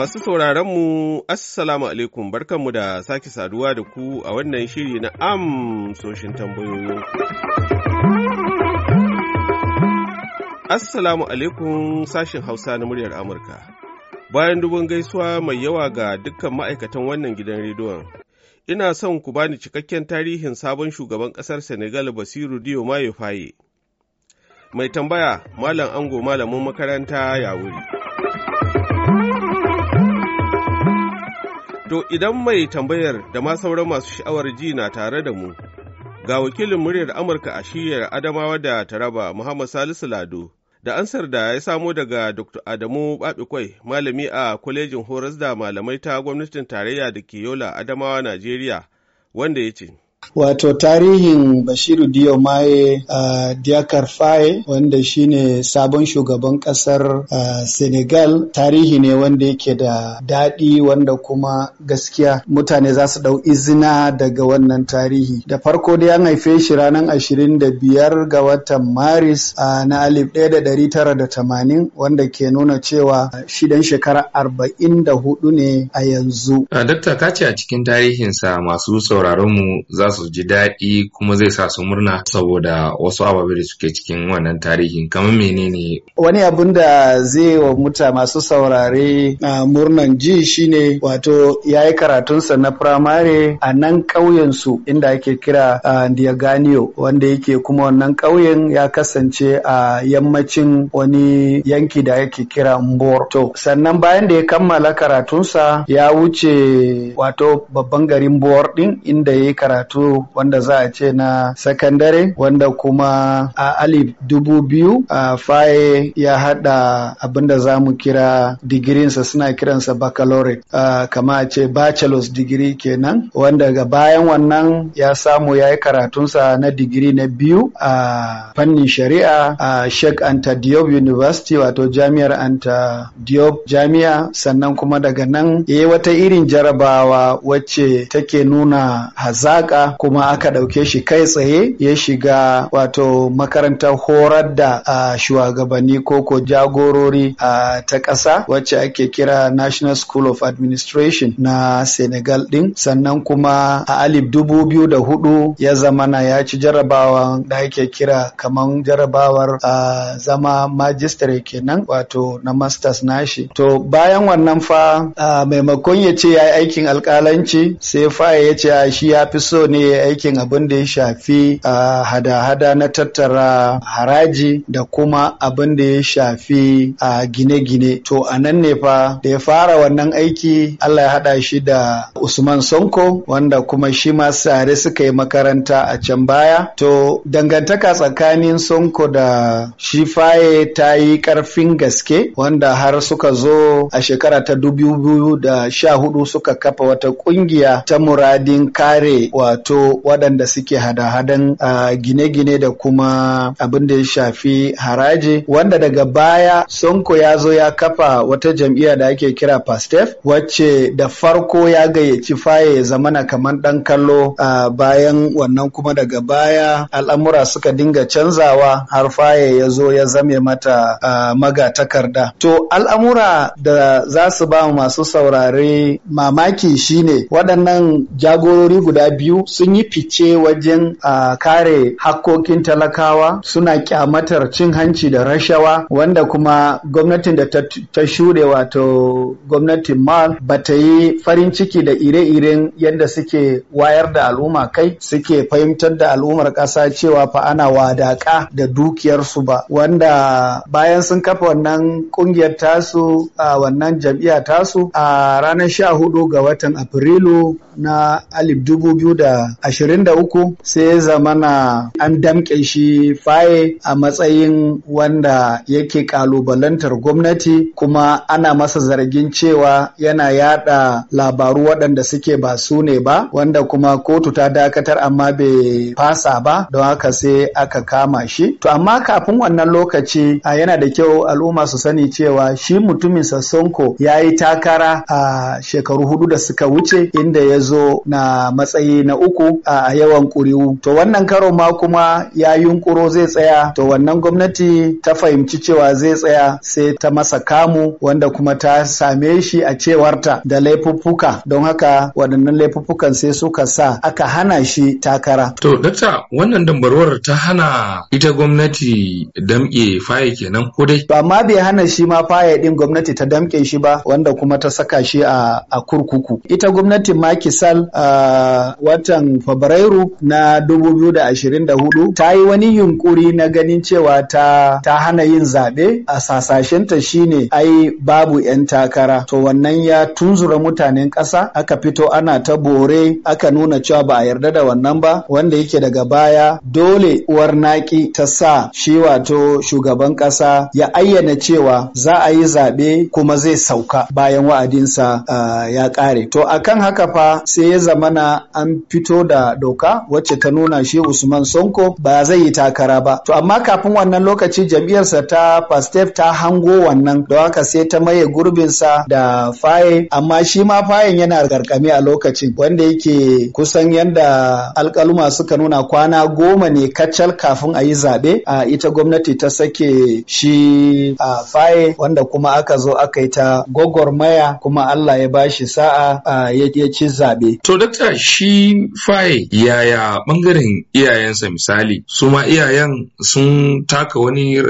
Masu mu Assalamu alaikum, barkanmu da sake saduwa da ku a wannan shiri na amsoshin tambayoyin. Assalamu alaikum sashin Hausa na muryar Amurka. Bayan dubun gaisuwa mai yawa ga dukkan ma'aikatan wannan gidan rediyon, ina son ku bani cikakken tarihin sabon shugaban ƙasar Senegal Basiru Diyo Mayo Faye. Mai tambaya, Malam Ango Malamin makaranta ya wuri. To idan mai tambayar da ma sauran masu sha'awar ji na tare da mu, ga wakilin muryar Amurka a shiyar Adamawa da Taraba Muhammad Salisu Lado, da ansar da ya samo daga Dr. Adamu Babikwai, malami a kwalejin horas da malamai ta gwamnatin tarayya da ke Yola Adamawa, Najeriya, wanda ya ce. Wato tarihin Bashiru Diomaye uh, Diakar Faye wanda shine sabon shugaban kasar uh, Senegal tarihi ne wanda yake da daɗi wanda kuma gaskiya mutane za su ɗau izina daga wannan tarihi. Da farko dai an haife shi ranar ashirin da biyar ga watan Maris uh, na tamanin, wanda ke nuna cewa shidan shekara arba'in da hudu ne a yanzu. Dakta ka ce a cikin tarihinsa masu sauraron mu za su ji daɗi kuma zai sa su murna saboda wasu ababe da suke cikin wannan tarihin kamar menene wani abun da zai wa muta masu saurare a murnan ji shine wato ya yi karatunsa na firamare a nan ƙauyensu su inda ake kira Ndiaganiyo wanda yake kuma wannan ƙauyen ya kasance a yammacin wani yanki da yake kira Mbor to sannan bayan da ya kammala karatunsa ya wuce wato babban garin Mbor din inda ya yi karatu karatu wanda za a ce na sakandare wanda kuma a alif dubu biyu a faye ya hada abinda za mu kira digirinsa suna kiransa baccalaureate kama a ce bachelor's digiri kenan wanda ga bayan wannan ya samu ya yi karatunsa na digiri na biyu a fannin shari'a a sheikh anta diop university wato jami'ar anta diop jami'a sannan kuma daga nan ya yi wata irin jarabawa wacce take nuna hazaƙa kuma aka ɗauke shi kai tsaye ya shiga wato makarantar horar da shugabanni ko ko jagorori ta ƙasa wacce ake kira National School of Administration na Senegal ɗin sannan kuma a alif dubu biyu da hudu ya zama zamana ya ci jarabawan da ake kira kamar jarabawar zama majistare kenan wato na masters nashi to bayan wannan fa maimakon ya ce ya yi aikin alkalanci sai fa ya ce shi ya fi so ne shine aikin abin da ya shafi a hada-hada na tattara haraji da kuma abin da ya shafi a gine-gine to a nan ne fa da ya fara wannan aiki Allah ya hada shi da Usman Sonko wanda kuma shi ma sare suka yi makaranta a can baya to dangantaka tsakanin Sonko da shi faye ta yi karfin gaske wanda har suka zo a shekara ta da sha hudu suka kafa wata ƙungiya ta muradin kare wato wato waɗanda suke hada-hadan gine-gine da kuma abin da ya shafi haraji wanda daga baya sonko ya zo ya kafa wata jam'iyya da ake kira pastef wacce da farko ya gayyaci faye ya zamana kamar ɗan kallo bayan wannan kuma daga baya al'amura suka dinga canzawa har faye ya zo ya zame mata maga takarda to al'amura da za su ba masu saurari mamaki shine waɗannan jagorori guda biyu sun yi fice wajen a kare hakkokin talakawa suna kyamatar cin hanci da rashawa wanda kuma gwamnatin da ta shure wato gwamnatin mal ba ta yi farin ciki da ire-iren yadda suke wayar da al'umma kai suke fahimtar da al'ummar ƙasa cewa fa ana wadaka da dukiyarsu ba wanda bayan sun kafa wannan kungiyar tasu a wannan jam'iyya tasu a ranar sha hudu ga watan afrilu na alif dubu biyu da uku sai ya zamana an damƙe shi faye a matsayin wanda yake kalubalantar gwamnati kuma ana masa zargin cewa yana yada labaru waɗanda suke ba su ne ba wanda kuma kotu ta dakatar amma bai fasa ba don haka sai aka kama shi to amma kafin wannan lokaci a yana da kyau al'umma su sani cewa shi mutumin sassonko ya yi takara a shekaru hudu da suka wuce inda ya zo na matsayi na uku uku a yawan ƙuri'u to wannan karo ma kuma ya yunkuro zai tsaya to wannan gwamnati ta fahimci cewa zai tsaya sai ta masa kamu wanda kuma ta same shi a cewarta da laifuffuka don haka waɗannan laifuffukan sai suka sa aka hana shi takara. To dakta wannan dambarwar ta hana ita gwamnati damƙe faye kenan ko dai? Ba ma bai hana shi ma faye ɗin gwamnati ta damƙe shi ba wanda kuma ta saka shi a, kurkuku. Ita gwamnatin Makisal a watan watan Fabrairu na 2024 ta yi wani yunkuri na ganin cewa ta, ta hana yin zaɓe a sasashenta shine ai babu 'yan takara. To wannan ya tunzura mutanen ƙasa aka fito ana ta bore aka nuna cewa ba a yarda da wannan ba wanda yake daga baya dole uwar naki ta sa shi wato shugaban ƙasa ya ayyana cewa za a yi zaɓe kuma zai sauka bayan wa'adinsa uh, ya ƙare. To akan haka fa sai ya zamana an fito fito da doka wacce ta nuna shi Usman Sonko ba zai yi takara ba. To amma kafin wannan lokaci jam'iyyarsa ta Pastef ta hango wannan don haka sai ta maye gurbinsa da faye amma shi ma fayen yana garkami a lokacin wanda yake kusan yadda alkaluma suka nuna kwana goma ne kacal kafin a yi zaɓe a ita gwamnati ta sake shi a faye wanda kuma aka zo aka yi ta gwagwarmaya kuma Allah ya bashi sa'a ya ci zaɓe. To dakta shi Faye yaya bangaren iyayensa misali su ma iyayen sun taka wani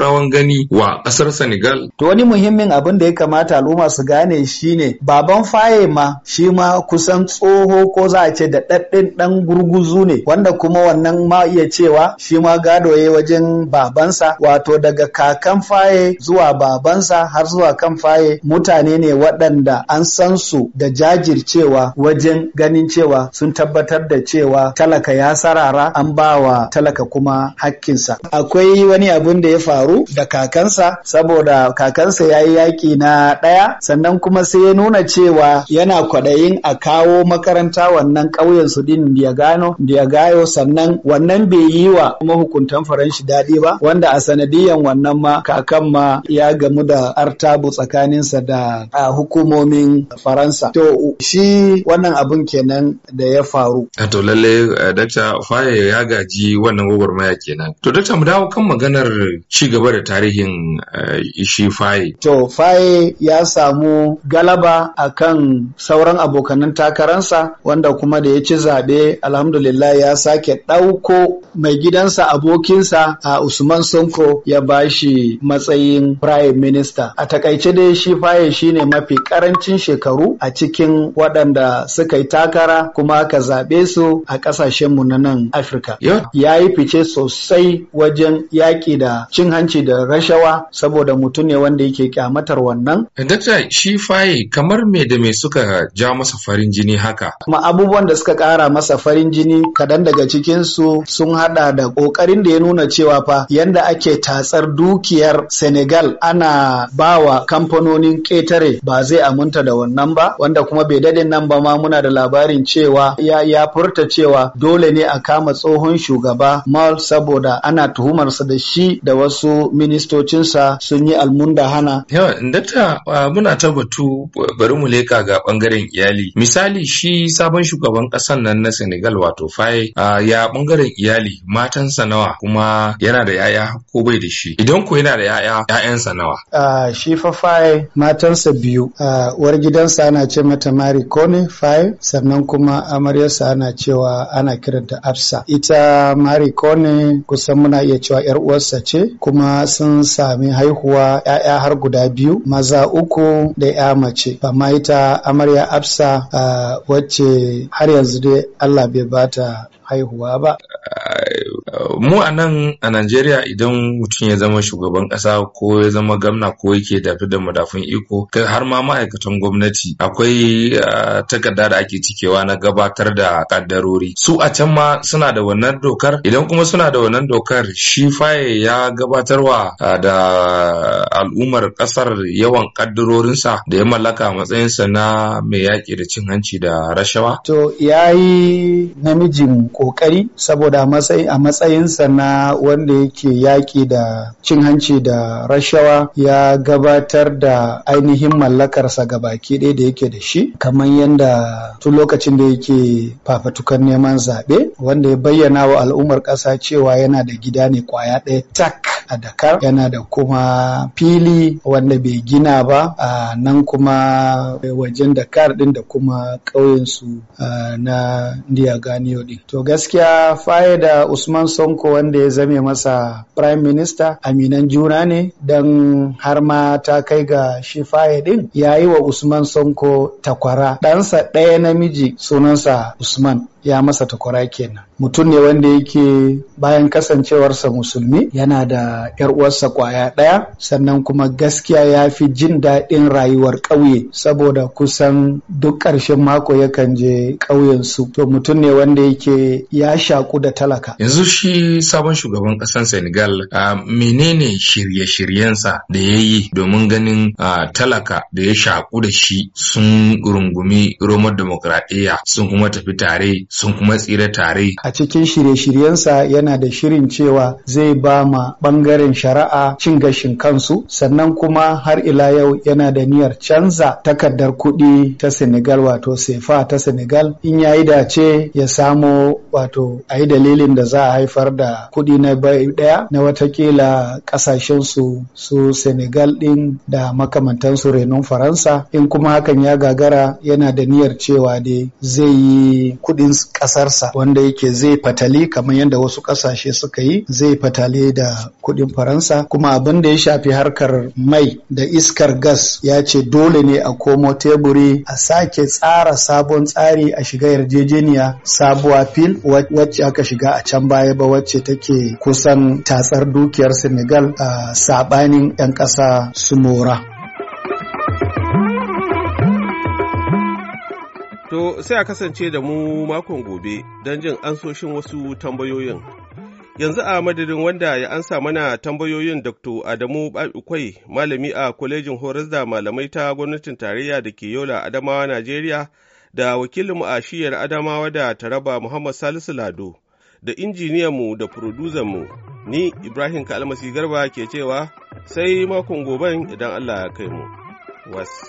rawan gani wa kasar Senegal. To wani muhimmin abin da ya kamata al'umma su gane shine baban Faye ma shi ma kusan tsoho ko za a ce da ɗaɗɗin ɗan gurguzu ne wanda kuma wannan ma iya cewa shi ma gado ya wajen babansa wato daga kakan Faye zuwa babansa har zuwa kan Faye mutane ne waɗanda an san su da jajircewa wajen ganin cewa sun tabbatar da cewa talaka ya sarara an ba wa talaka kuma hakkinsa akwai wani abun da ya faru da kakansa saboda kakansa ya yi yaƙi na ɗaya sannan kuma sai ya nuna cewa yana kwaɗayin a kawo makaranta wannan ƙauyen su din da gano da sannan wannan bai yi wa mahukuntan faranshi daɗi ba wanda a sanadiyan wannan ma kakan ma ya gamu da artabu tsakaninsa da hukumomin faransa to shi wannan abun kenan da ya faru. A eh, to lalle eh, Dakta Faye ya gaji wannan gwagwarmaya kenan. To Dakta mu dawo kan maganar ci gaba da tarihin eh, shi Faye. To Faye ya samu galaba akan sauran abokanan takaransa wanda kuma da ya ci zaɓe alhamdulillah ya sake ɗauko mai gidansa abokinsa a Usman Sonko ya bashi matsayin Prime Minister. A takaice dai shi Faye shine mafi karancin shekaru a cikin waɗanda suka yi takara kuma aka zaɓe su a ƙasashen mu na nan Afirka. Ya yi fice sosai wajen yaƙi da cin hanci da rashawa saboda mutum ne wanda yake kyamatar wannan. Dakta shi faye kamar me da me suka ja masa farin jini haka. Ma abubuwan da suka ƙara masa farin jini kadan daga cikin su sun haɗa da ƙoƙarin da ya nuna cewa fa yanda ake tatsar dukiyar Senegal ana bawa kamfanonin ƙetare ba zai aminta da wannan ba wanda kuma bai daɗin nan ba ma muna da labarin cewa ya, ya furta cewa dole ne a kama tsohon shugaba Mal saboda ana tuhumarsa da shi da wasu ministocinsa sun yi almunda hana. Yawa, indata muna ta batu bari mu leka ga bangaren iyali. Misali shi sabon shugaban ƙasar nan na Senegal wato Faye ya bangaren iyali matansa nawa kuma yana da yaya ko bai da shi. Idan ko yana da yaya yayansa nawa. Shi fa Faye matansa biyu. Uwar gidansa ana ce mata Mari Kone Faye sannan kuma Amadu. yasa ana cewa ana kiranta Afsa. Ita Mari Kone kusan muna iya cewa ‘yar uwarsa ce kuma sun sami haihuwa ‘ya'ya har guda biyu maza uku da ‘ya mace. Amma ita amarya Afsa wacce har yanzu dai Allah bai bata haihuwa ba. mu a nan a Najeriya idan mutum ya zama shugaban ƙasa ko ya zama gamna ko yake dafi da madafun iko kai har ma ma'aikatan gwamnati akwai takarda da ake cikewa na gabatar da kaddarori su a can ma suna da wannan dokar idan kuma suna da wannan dokar shi faye ya gabatarwa da al'ummar ƙasar yawan kaddarorinsa da ya mallaka matsayinsa na mai yaƙi da cin hanci da rashawa to yayi namijin kokari saboda a matsayin matsayinsa na wanda yake yaƙi da cin hanci da rashawa ya gabatar da ainihin mallakarsa ga baki ɗaya da yake da shi kamar yadda tun lokacin da yake fafatukan neman zaɓe wanda ya bayyana wa al'ummar ƙasa cewa yana da gida ne kwaya ɗaya tak a Dakar yana da kuma fili wanda bai gina ba a nan kuma wajen Dakar din da kuma ƙauyen su na Ganiyo din. To gaskiya faye da Usman Sonko wanda ya zame masa Prime Minister aminan juna ne don har ma ta kai ga shi faye din ya yi wa Usman Sonko takwara ɗansa ɗaya namiji sunansa Usman ya masa takwara kenan mutum ne wanda yake bayan kasancewarsa musulmi yana da yar uwarsa kwaya ɗaya sannan kuma gaskiya ya fi jin daɗin rayuwar ƙauye saboda kusan duk ƙarshen mako yakan je ƙauyen su to mutum ne wanda yake ya shaku da talaka yanzu shi sabon shugaban ƙasar senegal a menene shirye-shiryensa da ya yi domin ganin talaka da ya shaku da shi sun rungumi romar demokradiyya sun kuma tafi tare sun kuma tsira tare. A cikin shirye-shiryensa yana da shirin cewa zai ba ma ɓangaren shari'a cin gashin kansu sannan kuma har ila yau yana da niyyar canza takardar kuɗi ta Senegal wato sefa ta Senegal in ya yayi dace ya samo wato a yi dalilin da za a haifar da kuɗi na bai ɗaya na watakila ƙasashen su su Senegal ɗin da makamantansu renon Faransa in kuma hakan ya gagara yana da niyyar cewa dai zai yi kuɗinsu ƙasarsa wanda yake zai fatali kamar yadda wasu ƙasashe suka yi zai fatale da kuɗin faransa kuma abin da ya shafi harkar mai da iskar gas ya ce dole ne a komo teburi a sake tsara sabon tsari a shiga yarjejeniya sabuwa fil wacce aka shiga a can baya ba wacce take kusan tatsar dukiyar senegal a sabanin 'yan ƙasa su mora To sai a kasance da mu makon gobe don jin ansoshin wasu tambayoyin. Yanzu a madadin wanda ya ansa mana tambayoyin Dr. Adamu Babikwai, malami a kwalejin horas da malamai ta gwamnatin tarayya da ke Yola Adamawa Najeriya da wakilinmu a shiyar Adamawa da Taraba Muhammad Salisu Lado da injiniyanmu da mu ni Ibrahim Kalmasi Garba ke cewa sai makon goben idan Allah ya kai mu. Wasu.